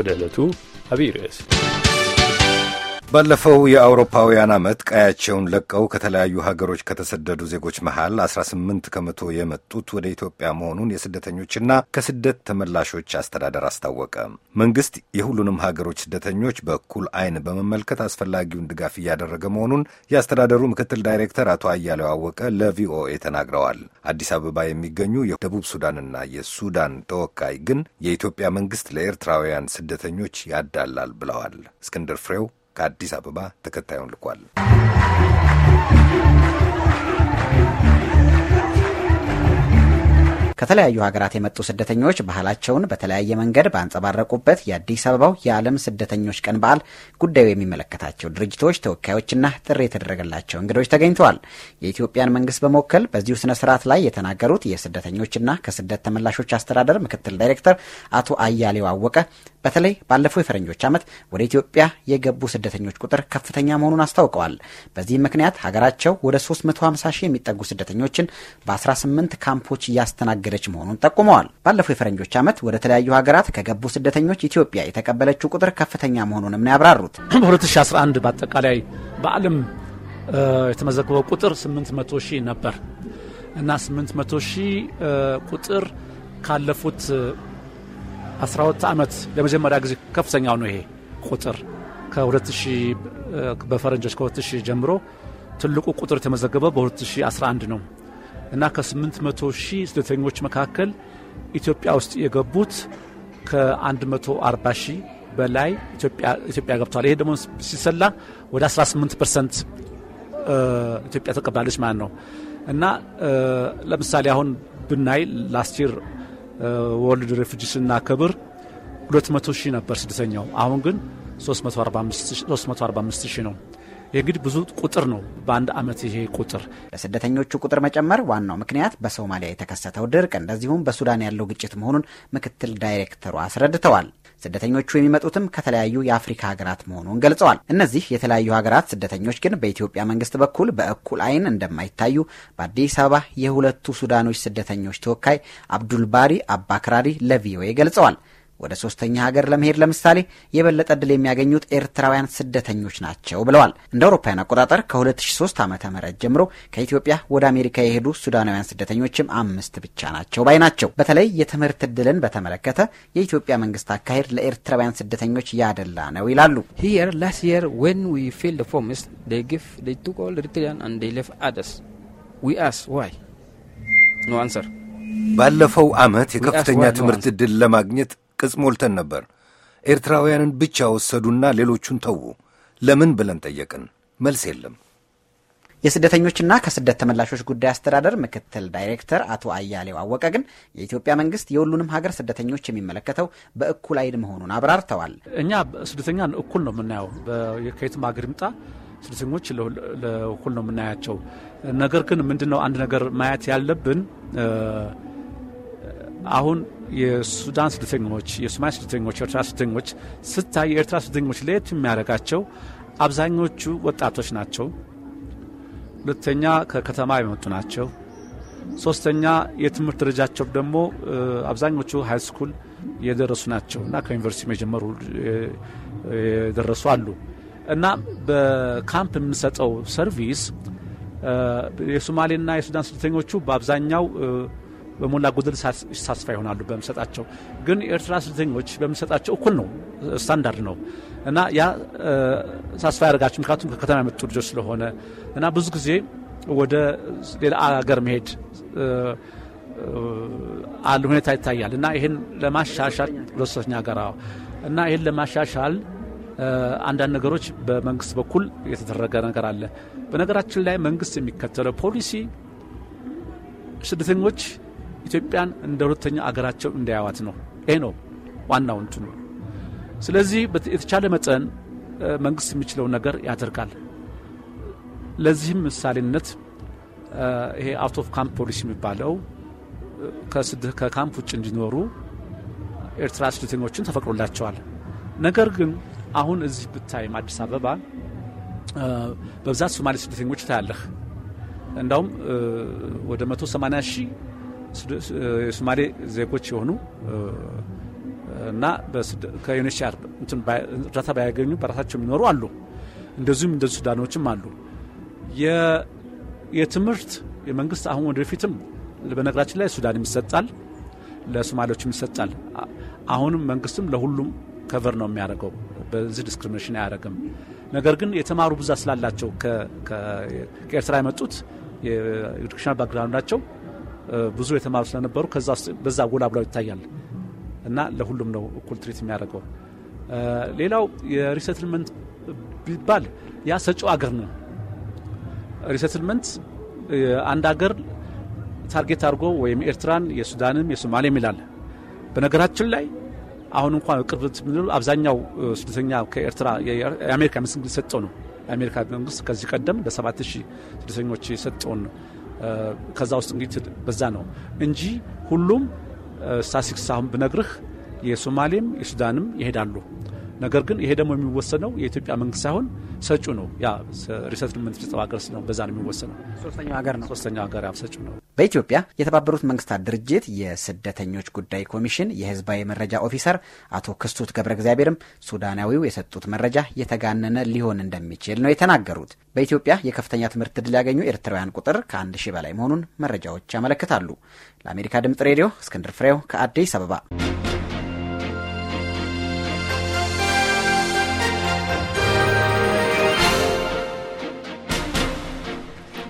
ወደ ዕለቱ አብይ ርዕስ ባለፈው የአውሮፓውያን ዓመት ቀያቸውን ለቀው ከተለያዩ ሀገሮች ከተሰደዱ ዜጎች መሃል 18 ከመቶ የመጡት ወደ ኢትዮጵያ መሆኑን የስደተኞችና ከስደት ተመላሾች አስተዳደር አስታወቀ። መንግስት የሁሉንም ሀገሮች ስደተኞች በእኩል ዓይን በመመልከት አስፈላጊውን ድጋፍ እያደረገ መሆኑን የአስተዳደሩ ምክትል ዳይሬክተር አቶ አያሌው አወቀ ለቪኦኤ ተናግረዋል። አዲስ አበባ የሚገኙ የደቡብ ሱዳንና የሱዳን ተወካይ ግን የኢትዮጵያ መንግስት ለኤርትራውያን ስደተኞች ያዳላል ብለዋል። እስክንድር ፍሬው ከአዲስ አበባ ተከታዩን ልኳል። ከተለያዩ ሀገራት የመጡ ስደተኞች ባህላቸውን በተለያየ መንገድ ባንጸባረቁበት የአዲስ አበባው የዓለም ስደተኞች ቀን በዓል ጉዳዩ የሚመለከታቸው ድርጅቶች ተወካዮችና ጥሪ የተደረገላቸው እንግዶች ተገኝተዋል። የኢትዮጵያን መንግስት በመወከል በዚሁ ስነ ስርዓት ላይ የተናገሩት የስደተኞችና ከስደት ተመላሾች አስተዳደር ምክትል ዳይሬክተር አቶ አያሌው አወቀ በተለይ ባለፈው የፈረንጆች ዓመት ወደ ኢትዮጵያ የገቡ ስደተኞች ቁጥር ከፍተኛ መሆኑን አስታውቀዋል። በዚህም ምክንያት ሀገራቸው ወደ 350 ሺህ የሚጠጉ ስደተኞችን በ18 ካምፖች እያስተናገ እያስተናገደች መሆኑን ጠቁመዋል። ባለፈው የፈረንጆች ዓመት ወደ ተለያዩ ሀገራት ከገቡ ስደተኞች ኢትዮጵያ የተቀበለችው ቁጥር ከፍተኛ መሆኑንም ነው ያብራሩት። በ2011 በአጠቃላይ በዓለም የተመዘገበው ቁጥር 800 ሺህ ነበር እና 800 ሺህ ቁጥር ካለፉት 12 ዓመት ለመጀመሪያ ጊዜ ከፍተኛው ነው። ይሄ ቁጥር ከ2000 በፈረንጆች ከ2000 ጀምሮ ትልቁ ቁጥር የተመዘገበው በ2011 ነው። እና ከ800 ሺህ ስደተኞች መካከል ኢትዮጵያ ውስጥ የገቡት ከ140 ሺህ በላይ ኢትዮጵያ ገብተዋል። ይሄ ደግሞ ሲሰላ ወደ 18 ፐርሰንት ኢትዮጵያ ተቀብላለች ማለት ነው እና ለምሳሌ አሁን ብናይ ላስቲር ወልድ ወርልድ ሬፊጂ ስናከብር 200 ሺህ ነበር ስደተኛው፣ አሁን ግን 345 ሺህ ነው። የግድ ብዙ ቁጥር ነው በአንድ ዓመት ይሄ ቁጥር። ለስደተኞቹ ቁጥር መጨመር ዋናው ምክንያት በሶማሊያ የተከሰተው ድርቅ እንደዚሁም በሱዳን ያለው ግጭት መሆኑን ምክትል ዳይሬክተሩ አስረድተዋል። ስደተኞቹ የሚመጡትም ከተለያዩ የአፍሪካ ሀገራት መሆኑን ገልጸዋል። እነዚህ የተለያዩ ሀገራት ስደተኞች ግን በኢትዮጵያ መንግስት በኩል በእኩል ዓይን እንደማይታዩ በአዲስ አበባ የሁለቱ ሱዳኖች ስደተኞች ተወካይ አብዱልባሪ አባክራሪ ለቪኦኤ ገልጸዋል። ወደ ሶስተኛ ሀገር ለመሄድ ለምሳሌ የበለጠ እድል የሚያገኙት ኤርትራውያን ስደተኞች ናቸው ብለዋል። እንደ አውሮፓውያን አቆጣጠር ከ2003 ዓ ም ጀምሮ ከኢትዮጵያ ወደ አሜሪካ የሄዱ ሱዳናውያን ስደተኞችም አምስት ብቻ ናቸው ባይ ናቸው። በተለይ የትምህርት እድልን በተመለከተ የኢትዮጵያ መንግስት አካሄድ ለኤርትራውያን ስደተኞች ያደላ ነው ይላሉ። ባለፈው ዓመት የከፍተኛ ትምህርት ዕድል ለማግኘት ቅጽ ሞልተን ነበር። ኤርትራውያንን ብቻ ወሰዱና ሌሎቹን ተዉ። ለምን ብለን ጠየቅን። መልስ የለም። የስደተኞችና ከስደት ተመላሾች ጉዳይ አስተዳደር ምክትል ዳይሬክተር አቶ አያሌው አወቀ ግን የኢትዮጵያ መንግስት የሁሉንም ሀገር ስደተኞች የሚመለከተው በእኩል አይን መሆኑን አብራርተዋል። እኛ ስደተኛን እኩል ነው የምናየው። ከየትም ሀገር ይምጣ ስደተኞች ለእኩል ነው የምናያቸው። ነገር ግን ምንድነው አንድ ነገር ማየት ያለብን አሁን የሱዳን ስደተኞች፣ የሶማሌ ስደተኞች፣ የኤርትራ ስደተኞች ስታይ የኤርትራ ስደተኞች ለየት የሚያደርጋቸው አብዛኞቹ ወጣቶች ናቸው። ሁለተኛ ከከተማ የመጡ ናቸው። ሶስተኛ የትምህርት ደረጃቸው ደግሞ አብዛኞቹ ሀይ ስኩል የደረሱ ናቸው እና ከዩኒቨርሲቲ መጀመሩ የደረሱ አሉ እና በካምፕ የምንሰጠው ሰርቪስ የሶማሌና የሱዳን ስደተኞቹ በአብዛኛው በሞላ ጎደል ሳስፋ ይሆናሉ። በምሰጣቸው ግን የኤርትራ ስደተኞች በምሰጣቸው እኩል ነው፣ ስታንዳርድ ነው እና ያ ሳስፋ ያደርጋቸው ምክንያቱም ከከተማ የመጡ ልጆች ስለሆነ እና ብዙ ጊዜ ወደ ሌላ አገር መሄድ አለ ሁኔታ ይታያል እና ይህን ለማሻሻል ለሶስተኛ ሀገር እና ይህን ለማሻሻል አንዳንድ ነገሮች በመንግስት በኩል የተደረገ ነገር አለ። በነገራችን ላይ መንግስት የሚከተለው ፖሊሲ ስደተኞች ኢትዮጵያን እንደ ሁለተኛ አገራቸው እንዳያዋት ነው። ይሄ ነው ዋናው እንትኑ። ስለዚህ የተቻለ መጠን መንግስት የሚችለውን ነገር ያደርጋል። ለዚህም ምሳሌነት ይሄ አውት ኦፍ ካምፕ ፖሊሲ የሚባለው ከካምፕ ውጭ እንዲኖሩ ኤርትራ ስደተኞችን ተፈቅዶላቸዋል። ነገር ግን አሁን እዚህ ብታይም አዲስ አበባ በብዛት ሶማሌ ስደተኞች ታያለህ። እንዳውም ወደ 180 ሺህ የሶማሌ ዜጎች የሆኑ እና ከዩኒስቻር እርዳታ ባያገኙ በራሳቸው የሚኖሩ አሉ። እንደዚሁም እንደዚሁ ሱዳኖችም አሉ። የትምህርት የመንግስት አሁን ወደፊትም በነገራችን ላይ ሱዳን ይሰጣል፣ ለሶማሌዎችም ይሰጣል። አሁንም መንግስትም ለሁሉም ከቨር ነው የሚያደርገው። በዚህ ዲስክሪሚኔሽን አያደርግም። ነገር ግን የተማሩ ብዛት ስላላቸው ከኤርትራ የመጡት የኤዱኬሽናል ባክግራውንዳቸው ብዙ የተማሩ ስለነበሩ በዛ ጎላ ብለው ይታያል እና ለሁሉም ነው እኩል ትሪት የሚያደርገው። ሌላው የሪሰትልመንት ቢባል ያ ሰጪው አገር ነው። ሪሰትልመንት አንድ አገር ታርጌት አድርጎ ወይም ኤርትራን፣ የሱዳንም የሶማሌም ይላል። በነገራችን ላይ አሁን እንኳን ቅርብ አብዛኛው ስደተኛ ከኤርትራ የአሜሪካ መንግስት ሰጠው ነው። የአሜሪካ መንግስት ከዚህ ቀደም ለሰባት ሺህ ስደተኞች የሰጠውን ነው ከዛ ውስጥ እንግዲህ በዛ ነው እንጂ ሁሉም ስታሲክስ አሁን ብነግርህ የሶማሌም የሱዳንም ይሄዳሉ። ነገር ግን ይሄ ደግሞ የሚወሰነው የኢትዮጵያ መንግስት ሳይሆን ሰጩ ነው። ያ ሪሰትልመንት የሚሰጠው ሀገር ነው። በዛ ነው የሚወሰነው። ሶስተኛው ሀገር ነው። ሶስተኛው ሀገር ያ ሰጩ ነው። በኢትዮጵያ የተባበሩት መንግስታት ድርጅት የስደተኞች ጉዳይ ኮሚሽን የህዝባዊ መረጃ ኦፊሰር አቶ ክስቱት ገብረ እግዚአብሔርም ሱዳናዊው የሰጡት መረጃ የተጋነነ ሊሆን እንደሚችል ነው የተናገሩት። በኢትዮጵያ የከፍተኛ ትምህርት ዕድል ያገኙ ኤርትራውያን ቁጥር ከአንድ ሺህ በላይ መሆኑን መረጃዎች ያመለክታሉ። ለአሜሪካ ድምጽ ሬዲዮ እስክንድር ፍሬው ከአዲስ አበባ